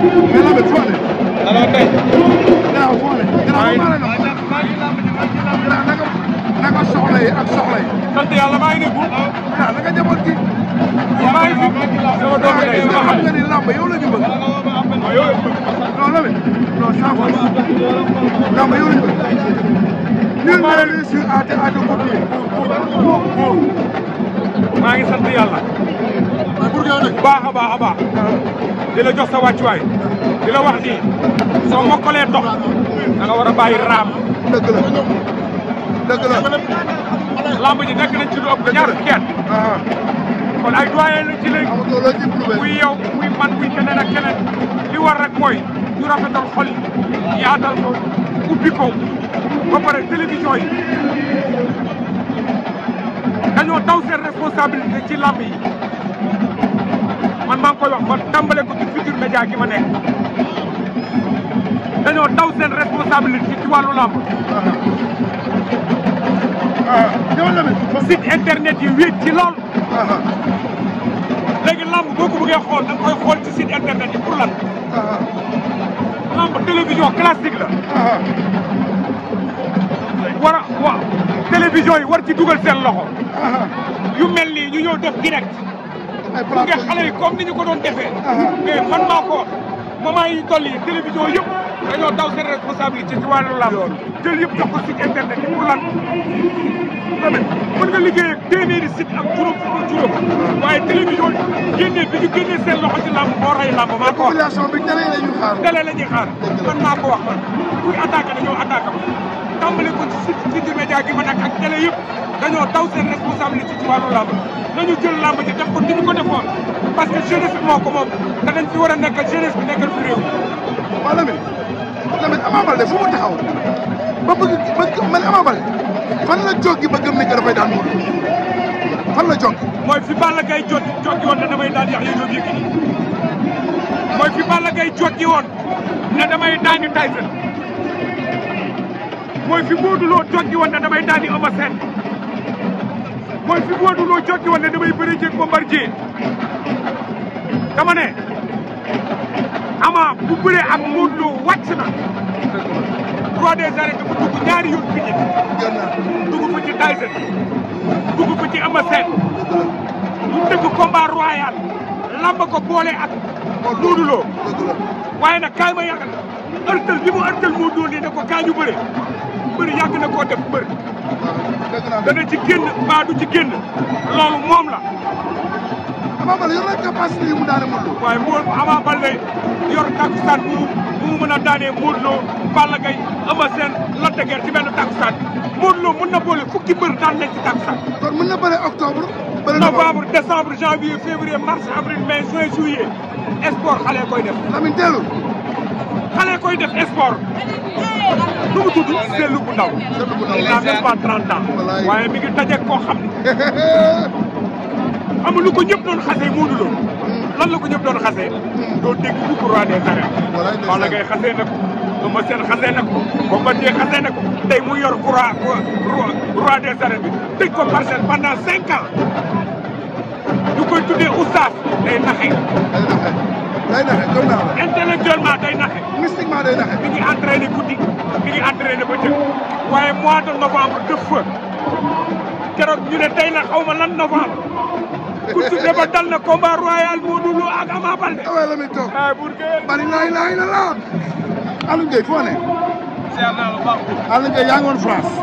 Ngalabe fone. Ngalabe. Da fone. Ngalabe mara na. Naka naka soxla yi ak soxla yi. Sant yàlla maa ngi nekk. Da naka jaboot gi. Maa ngi fi. Sama doom lay sama xam nga ni lamb yow la ñu bëgg. Non non mais. Non ça va. Lamb yow la ñu bëgg. Nul n'est réussi à te à te copier. Maa ngi sant yàlla. baax a baax a baax di la jox sa wàccuwaay di la wax ni soo mokkalee dox da nga war a bàyyi raam. dëgg la dëgg la. lamb ji nekk nañ ci lu ëpp ñaar fukki at. Ah, ah. kon ay doyen la ci léegi muy yow man muy keneen ak keneen li war rek mooy ñu rafetal xol yi yaatal ko ubbi ko ba pare télévision yi dañoo taw seen responsabilité ci lamb man maa ngi koy wax ba tàmbale ko ci futur média gi ma nekk dañoo daw seen responsabilité ci wàllu làmb site internet yi wéet ci lool léegi làmb boo ko bëggee xool da nga koy xool ci site internet yi pour lan làmb télévision classique la war a waaw télévision yi war ci dugal seen loxo yu mel nii ñu ñëw def direct pour que xale yi comme ni ñu ko doon defee. Ah. mais man maa ko wax moment yi toll yi télévision yëpp dañoo daw seen responsabilité ci wàllu làmb jël yëpp jox ko site internet yi pour lan. tamit mën waaye télévision génnee rey làmb maa ko wax. population la ñuy xaar. dalee la ñuy xaar man maa ko wax man kuy attaqué dañoo attaqué ma. tàmbale ko ci site média gi ma nekk ak télé yëpp. dañoo daw seen responsabilité ci wàllu làmb nañu jël làmb ji def ko ni ñu ko defoon parce que jeunesse moo ko moom te dañ fi war a nekkal jeunesse bi nekkal fi réew waaw Lamine Lamine Ama Baldé fu mu taxaw ba bëgg ba man Ama Baldé fan la joggi ba gëm ni que dafay daan Modou Lô la joggi mooy fi Balla Gaye jot joggi woon ne damay daan Yaxya Joob Yékini mooy fi Balla Gaye joggi woon ne damay daani Tyson mooy fi Modou Lô joggi woon ne damay daani Eumeu Sène bi Modou Lo jokki woon ne damay bëri jéeg Bombardier dama ne Ama bu bëree ak Modou Lo wàcc na roi des arènes dafa dugg ñaari yoon bi ñu dugg fa ci Tyson dugg fa ci Eumeu Sène ñu lamba ko boole ak Modou Lo waaye nag kaay ma yàgg ërtël li mu ërtël Modou Lo nii ko kaa ñu bëre bëri yàgg def bëri dana ci génn mbaa du ci génn loolu moom la. Ama Baldé yor na capacité yi mu daane Modou Lô. waaye moom Ama Baldé yor takkusaan bu mu mën a daanee Modou Lô Balla Gaye Eumeu Sène Lac de Guiers ci benn takkusaan mën na boole fukki mbër daan leen ci takkusaan. kon mën na bëre octobre. bëre novembre décembre janvier février mars avril mai juin juillet sport xale koy def. Lamine xale koy def sport nu mu tudd seetlu bu ndaw. seetlu bu ndaw il n'a même pas 30 ans. waaye mi ngi dajeeg koo xam ne. amul lu ko ñëpp doon xasee Modou Lo lan la ko ñëpp doon xasee. doo dégg bu ko roi des arènes. walaay ngay xasee na ko. ma seen xasee na ko. Bombardier xasee na ko. tey mu yor roi roi des bi tëj ko parcelle pendant cinq ans. koy tuddee oustaz day naxee. day naxe gëm naa ko. intellectuellement day naxe. mystiquement day naxe. mi ngi entraîné guddi mi ngi entraîné bëccëg waaye mois de novembre de feu keroog ñu ne tey la xaw ma lan novembre. guddi ne ba dal na combat royal Modou Lo ak Ama Baldé. waaw ah ah, bari laay laay la la. Aliou Gueye foo ne. seer yaa ngi France.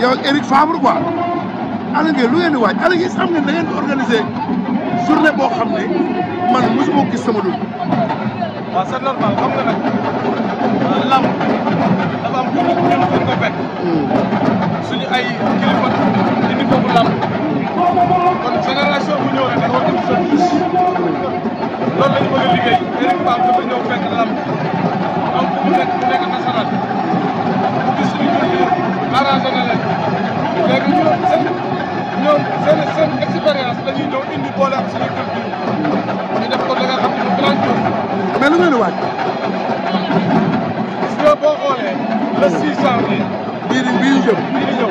yow ak Éric Fabre quoi. Aliou lu ngeen di waaj Aliou Gueye am ngeen da ngeen journée boo xam ne man mosuma gis sama dund. gën a waaj. gis nga boo xoolee. le 6 janvier. bii di bii di ñëw bii di ñëw.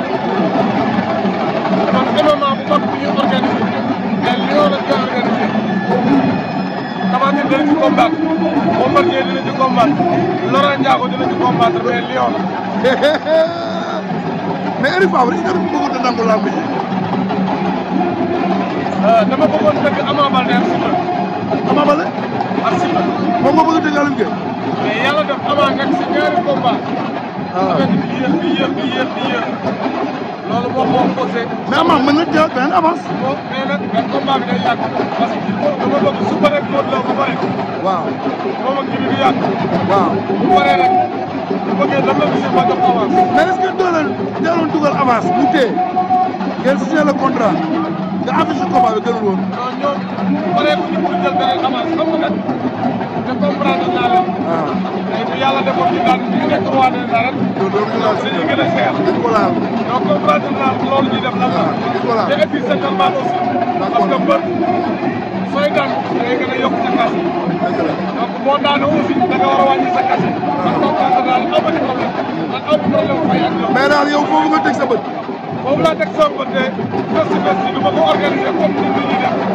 man événement bu mag bi ñu organisé. mais Lion lañ koy organisé. xamante ni dina ci combattre. Bombardier dina ci combattre. Laurent Ndiago dina ci combattre mais Lion la. mais Eric Favre li nga doon bëggoon a nangu làmb ji. Euh, dama bëggoon dëgg Ama Baldé arsi la. moom nga bëgg a tëj Alioune Gueye. mais yàlla def avant nga ci ñaari combat. waaw nga di yéex di yéex di yéex di yéex. loolu moom moo posé. mais amaat mën na jël benn avance. bon mais nag benn combat bi day yàgg parce que dama bëgg su ko rek Modou Lo bu pare. waaw moom ak jibi du yàgg. waaw bu paree rek. bu bëggee lan la monsieur Badog avance. mais est-ce que doo leen teeloon dugal avance bu téye ngeen signé le contrat nga affiché combat bi gënul woon. ñoom paree bu ñu pour jël beneen avance xam nga nag te comprendre naa leen. waaw ah. tey bu yàlla defoon ñu daan ñu nekk roi des arènes. si ñu gën a xeex. donc comprendre naa loolu ñuy def lan la. Ah, te et puis certainement aussi. parce que mbër sooy daan day gën a yokk sa kase. donc boo daanoo aussi da nga war a wàññi sa kase. waaw comprendre naa ne amati problème man aw problème fay ak yow. mais daal yow foofu nga teg sa bët. foofu laa teg sa bët de fes fes bi ma ko organiser comme ni ñu def.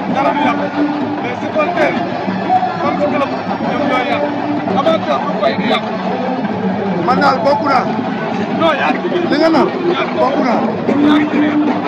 man daal bokk naa li nga naan bokk naa